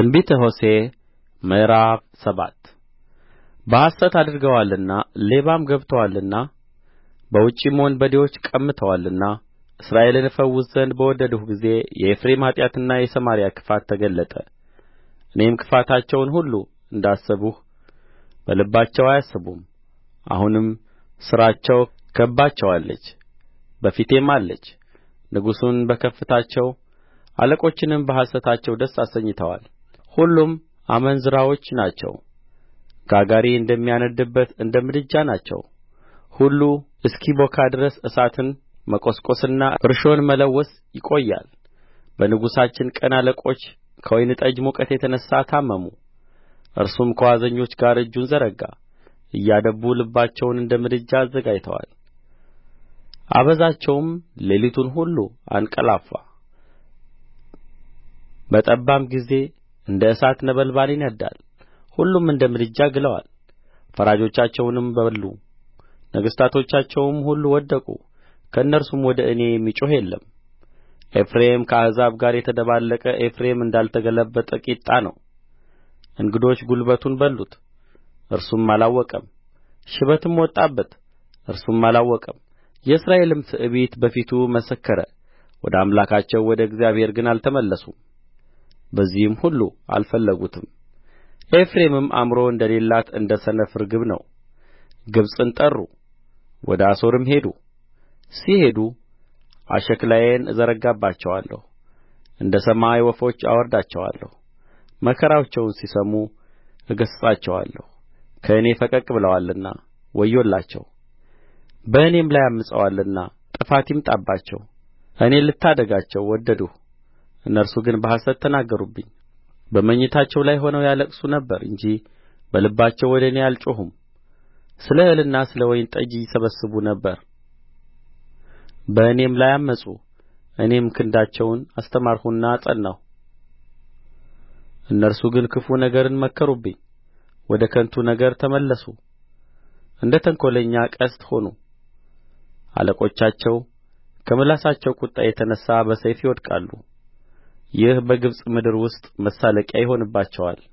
ትንቢተ ሆሴዕ ምዕራፍ ሰባት በሐሰት አድርገዋልና ሌባም ገብቶአልና በውጭም ወንበዴዎች ቀምተዋልና እስራኤልን እፈውስ ዘንድ በወደድሁ ጊዜ የኤፍሬም ኃጢአትና የሰማርያ ክፋት ተገለጠ እኔም ክፋታቸውን ሁሉ እንዳሰብሁ በልባቸው አያስቡም አሁንም ሥራቸው ከብባቸዋለች በፊቴም አለች ንጉሡን በከፍታቸው አለቆችንም በሐሰታቸው ደስ አሰኝተዋል ሁሉም አመንዝራዎች ናቸው ጋጋሪ እንደሚያነድድበት እንደ ምድጃ ናቸው ሁሉ እስኪቦካ ድረስ እሳትን መቈስቈስና እርሾን መለወስ ይቆያል በንጉሣችን ቀን አለቆች ከወይን ጠጅ ሙቀት የተነሣ ታመሙ እርሱም ከዋዘኞች ጋር እጁን ዘረጋ እያደቡ ልባቸውን እንደ ምድጃ አዘጋጅተዋል አበዛቸውም ሌሊቱን ሁሉ አንቀላፋ በጠባም ጊዜ እንደ እሳት ነበልባል ይነድዳል ሁሉም እንደ ምድጃ ግለዋል ፈራጆቻቸውንም በሉ ነገሥታቶቻቸውም ሁሉ ወደቁ ከእነርሱም ወደ እኔ የሚጮኽ የለም ኤፍሬም ከአሕዛብ ጋር የተደባለቀ ኤፍሬም እንዳልተገለበጠ ቂጣ ነው እንግዶች ጕልበቱን በሉት እርሱም አላወቀም ሽበትም ወጣበት እርሱም አላወቀም የእስራኤልም ትዕቢት በፊቱ መሰከረ ወደ አምላካቸው ወደ እግዚአብሔር ግን አልተመለሱም በዚህም ሁሉ አልፈለጉትም ኤፍሬምም አእምሮ እንደሌላት እንደ ሰነፍ ርግብ ነው ግብጽን ጠሩ ወደ አሦርም ሄዱ ሲሄዱ አሽክላዬን እዘረጋባቸዋለሁ እንደ ሰማይ ወፎች አወርዳቸዋለሁ መከራቸውን ሲሰሙ እገሥጻቸዋለሁ ከእኔ ፈቀቅ ብለዋልና ወዮላቸው በእኔም ላይ ዐምፀዋልና ጥፋት ይምጣባቸው እኔ ልታደጋቸው ወደድሁ እነርሱ ግን በሐሰት ተናገሩብኝ በመኝታቸው ላይ ሆነው ያለቅሱ ነበር እንጂ በልባቸው ወደ እኔ አልጮኹም ስለ እህልና ስለ ወይን ጠጅ ይሰበስቡ ነበር በእኔም ላይ ዐመፁ እኔም ክንዳቸውን አስተማርሁና አጸናሁ እነርሱ ግን ክፉ ነገርን መከሩብኝ ወደ ከንቱ ነገር ተመለሱ እንደ ተንኰለኛ ቀስት ሆኑ አለቆቻቸው ከምላሳቸው ቍጣ የተነሣ በሰይፍ ይወድቃሉ ይህ በግብጽ ምድር ውስጥ መሳለቂያ ይሆንባቸዋል